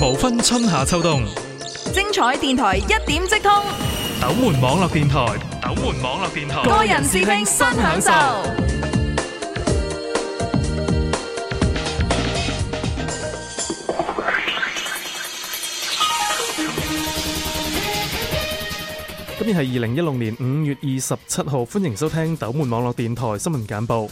無分春夏秋冬，精彩電台一點即通。斗門網絡電台，斗門網絡電台，個人視聽，新享受。今日係二零一六年五月二十七號，歡迎收聽斗門網絡電台新聞簡報。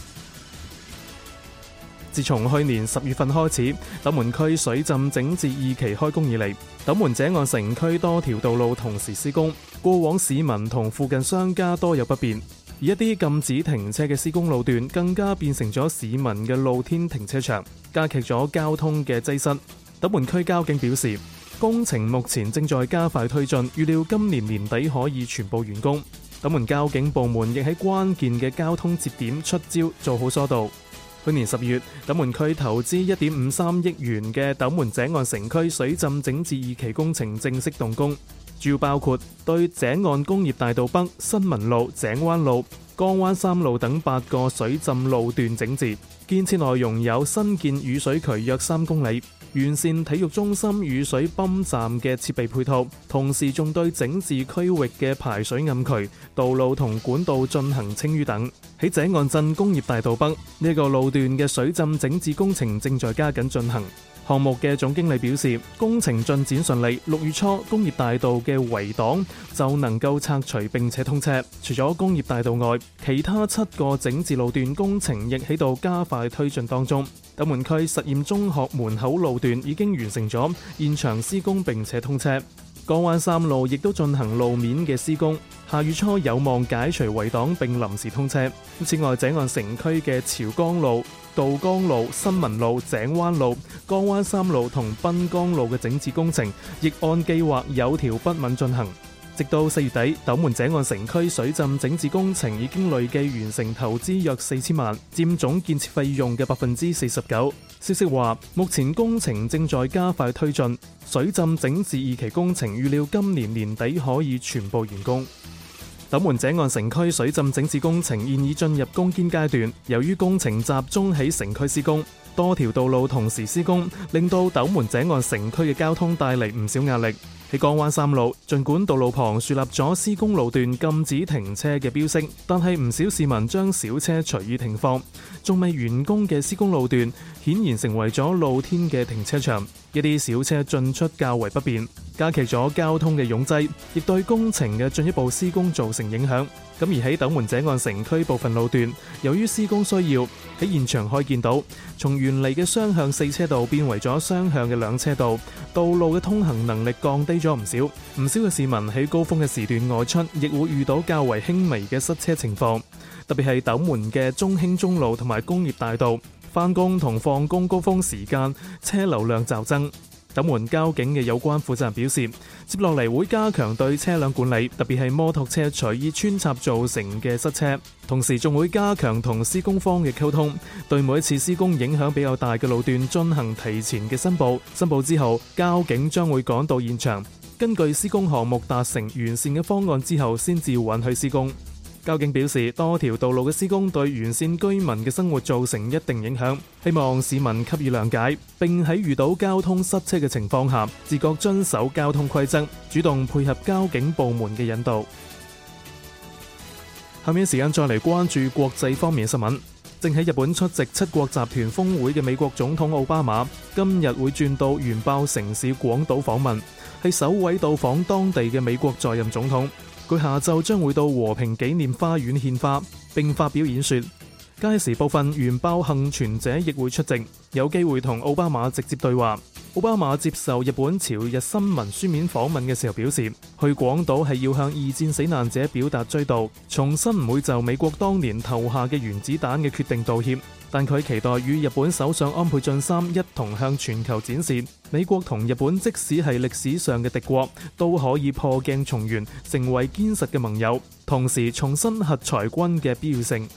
自從去年十月份開始，斗門區水浸整治二期開工以嚟，斗門井岸城區多條道路同時施工，過往市民同附近商家多有不便，而一啲禁止停車嘅施工路段，更加變成咗市民嘅露天停車場，加劇咗交通嘅擠塞。斗門區交警表示，工程目前正在加快推進，預料今年年底可以全部完工。斗門交警部門亦喺關鍵嘅交通節點出招，做好疏導。去年十月，斗門區投資一點五三億元嘅斗門井岸城區水浸整治二期工程正式動工，主要包括對井岸工業大道北、新文路、井灣路、江灣三路等八個水浸路段整治，建設內容有新建雨水渠約三公里。完善體育中心雨水泵站嘅設備配套，同時仲對整治區域嘅排水暗渠、道路同管道進行清淤等。喺井岸鎮工業大道北，呢個路段嘅水浸整治工程正在加緊進行。項目嘅總經理表示，工程進展順利，六月初工業大道嘅圍擋就能夠拆除並且通車。除咗工業大道外，其他七個整治路段工程亦喺度加快推進當中。斗門區實驗中學門口路段已經完成咗現場施工並且通車。江灣三路亦都進行路面嘅施工，下月初有望解除圍擋並臨時通車。此外，井岸城區嘅潮江路、道江路、新民路、井灣路、江灣三路同濱江路嘅整治工程，亦按計劃有條不紊進行。直到四月底，斗門井岸城區水浸整治工程已經累計完成投資約四千萬，占總建設費用嘅百分之四十九。消息話，目前工程正在加快推進，水浸整治二期工程預料今年年底可以全部完工。斗門井岸城區水浸整治工程現已進入攻堅階段，由於工程集中喺城區施工，多條道路同時施工，令到斗門井岸城區嘅交通帶嚟唔少壓力。喺江灣三路，儘管道路旁樹立咗施工路段禁止停車嘅標識，但係唔少市民將小車隨意停放，仲未完工嘅施工路段，顯然成為咗露天嘅停車場，一啲小車進出較為不便，加劇咗交通嘅擁擠，亦對工程嘅進一步施工造成影響。咁而喺斗門井岸城區部分路段，由於施工需要，喺現場可以見到從原嚟嘅雙向四車道變為咗雙向嘅兩車道，道路嘅通行能力降低。咗唔少，唔少嘅市民喺高峰嘅時段外出，亦會遇到較為輕微嘅塞車情況。特別係斗門嘅中興中路同埋工業大道，返工同放工高峰時間，車流量驟增。斗門交警嘅有關負責人表示，接落嚟會加強對車輛管理，特別係摩托車隨意穿插造成嘅塞車。同時，仲會加強同施工方嘅溝通，對每一次施工影響比較大嘅路段進行提前嘅申報。申報之後，交警將會趕到現場，根據施工項目達成完善嘅方案之後，先至允許施工。交警表示，多條道路嘅施工對沿線居民嘅生活造成一定影響，希望市民給予諒解，並喺遇到交通塞車嘅情況下，自覺遵守交通規則，主動配合交警部門嘅引導。下 面時間再嚟關注國際方面新聞。正喺日本出席七國集團峰會嘅美國總統奧巴馬，今日會轉到原爆城市廣島訪問，係首位到訪當地嘅美國在任總統。佢下晝將會到和平紀念花園獻花，並發表演說。屆時部分原爆幸存者亦會出席，有機會同奧巴馬直接對話。奧巴馬接受日本朝日新聞書面訪問嘅時候表示，去廣島係要向二戰死難者表達追悼，重申唔會就美國當年投下嘅原子彈嘅決定道歉。但佢期待與日本首相安倍晉三一同向全球展示，美國同日本即使係歷史上嘅敵國，都可以破鏡重圓，成為堅實嘅盟友，同時重申核裁軍嘅必要性。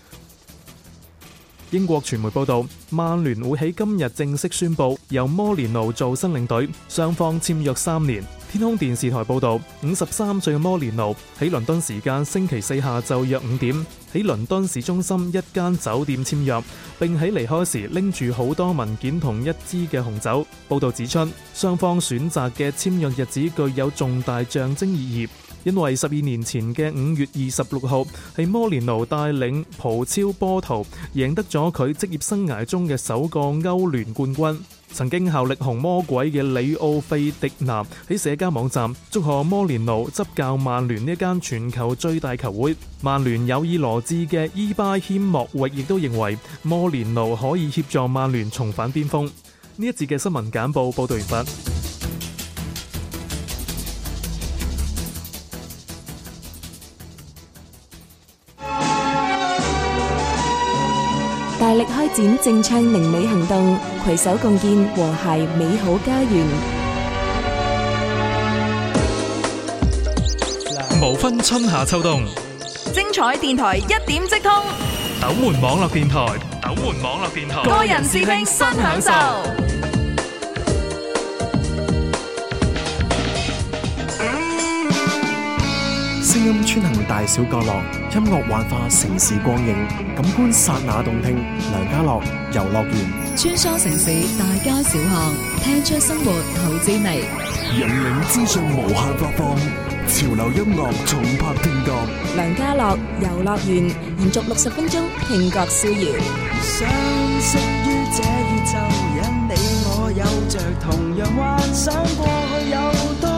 英國傳媒報導，曼聯會喺今日正式宣布由摩連奴做新領隊，雙方簽約三年。天空電視台報道，五十三歲嘅摩連奴喺倫敦時間星期四下晝約五點，喺倫敦市中心一間酒店簽約，並喺離開時拎住好多文件同一支嘅紅酒。報道指出，雙方選擇嘅簽約日子具有重大象徵意義。因為十二年前嘅五月二十六號，係摩連奴帶領葡超波圖贏得咗佢職業生涯中嘅首個歐聯冠軍。曾經效力紅魔鬼嘅里奧費迪南喺社交網站祝賀摩連奴執教曼聯呢一間全球最大球會。曼聯有意羅致嘅伊巴謙莫域亦都認為摩連奴可以協助曼聯重返巔峰。呢一節嘅新聞簡報報道完畢。點正唱明美行動，攜手共建和諧美好家園。無分春夏秋冬，精彩電台一點即通。斗門網絡電台，斗門網絡電台，個人視聽新享受。音穿行大小角落，音樂幻化城市光影，感官剎那動聽。梁家樂遊樂園穿梭城市大街小巷，聽出生活好滋味，引領資訊無限發放，潮流音樂重拍聽覺。梁家樂遊樂園延續六十分鐘，聽覺逍遙。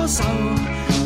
相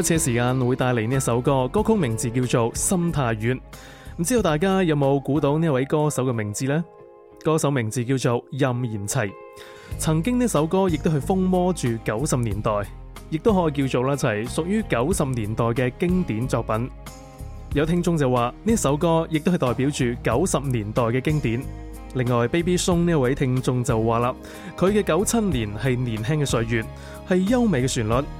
開車時間會帶嚟呢首歌，歌曲名字叫做《心太軟》，唔知道大家有冇估到呢位歌手嘅名字呢？歌手名字叫做任賢齊。曾經呢首歌亦都係風魔住九十年代，亦都可以叫做咧就係屬於九十年代嘅經典作品。有聽眾就話呢首歌亦都係代表住九十年代嘅經典。另外，Baby Song 呢位聽眾就話啦，佢嘅九七年係年輕嘅歲月，係優美嘅旋律。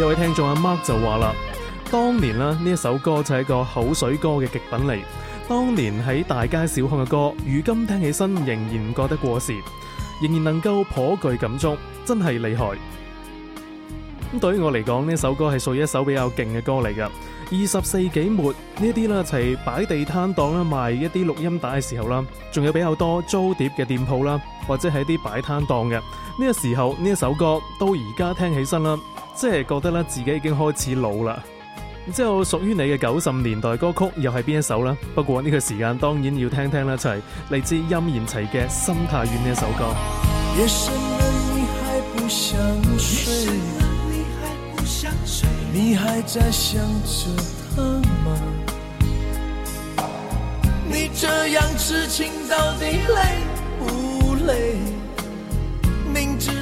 有位聽眾阿、啊、Mark 就話啦，當年咧，呢一首歌就係個口水歌嘅極品嚟。當年喺大街小巷嘅歌，如今聽起身仍然唔覺得過時，仍然能夠頗具感觸，真係厲害。咁對於我嚟講，呢首歌係屬於一首比較勁嘅歌嚟㗎。二十世紀末呢啲咧，齊、就、擺、是、地攤檔啦，賣一啲錄音帶嘅時候啦，仲有比較多租碟嘅店鋪啦，或者係啲擺攤檔嘅呢。呢個時候呢一首歌到而家聽起身啦。即係覺得咧自己已經開始老啦之後屬於你嘅九十年代歌曲又係邊一首呢不過呢個時間當然要聽聽啦就係、是、嚟自任賢齊嘅心太軟呢首歌夜深了你還不想睡你還不想睡,你還,不想睡你還在想着他嗎你這樣痴情到底累不累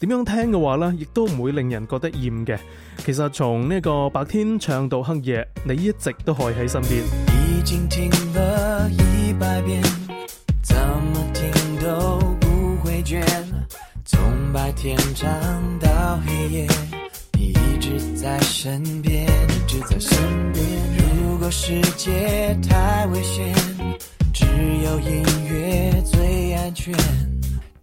點樣聽嘅話呢，亦都唔會令人覺得厭嘅。其實從呢個白天唱到黑夜，你一直都可以喺身邊。已經聽了一百遍，怎麼聽都不會倦。從白天唱到黑夜，你一直在身邊。一直在身邊。如果世界太危險，只有音樂最安全。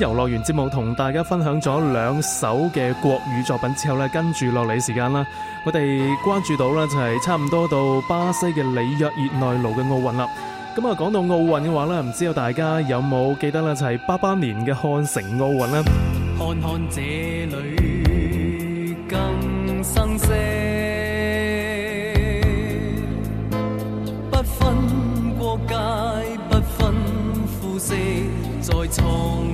遊樂園節目同大家分享咗兩首嘅國語作品之後呢，跟住落嚟時間啦，我哋關注到呢就係差唔多到巴西嘅里約熱內盧嘅奧運啦。咁啊，講到奧運嘅話呢，唔知道大家有冇記得呢，就係八八年嘅漢城奧運呢？看看這裏更生色，不分國界，不分膚色。在創。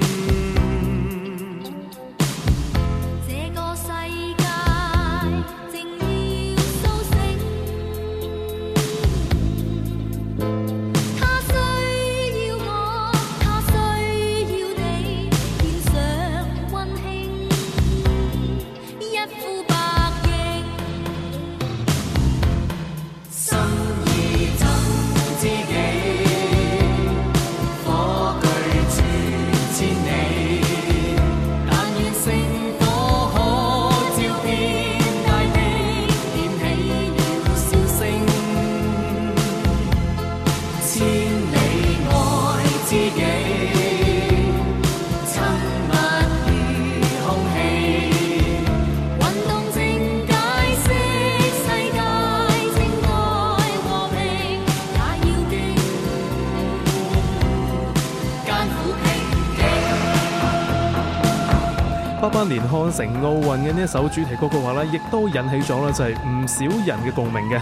成奧運嘅呢一首主題歌曲嘅話咧，亦都引起咗咧就係唔少人嘅共鳴嘅。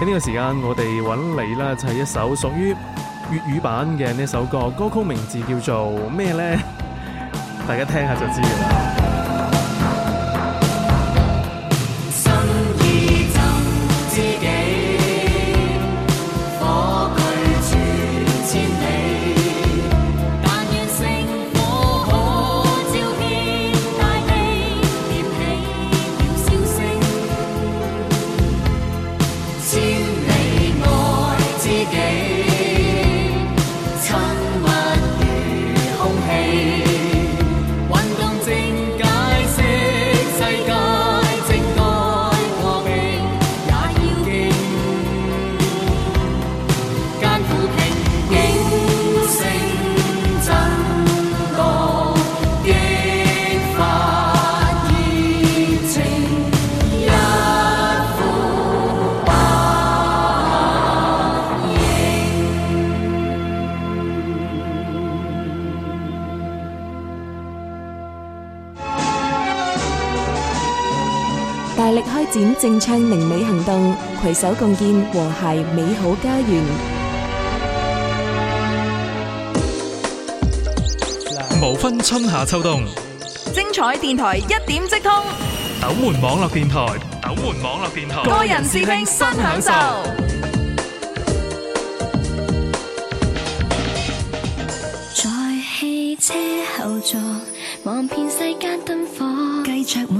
喺呢個時間，我哋揾嚟啦就係一首屬於粵語版嘅呢一首歌，歌曲名字叫做咩咧？大家聽下就知啦。展正唱明美行動，攜手共建和諧美好家園。無分春夏秋冬，精彩電台一點即通。斗門網絡電台，斗門網絡電台，個人視聽新享受。在汽車後座，望遍世間燈火，計著。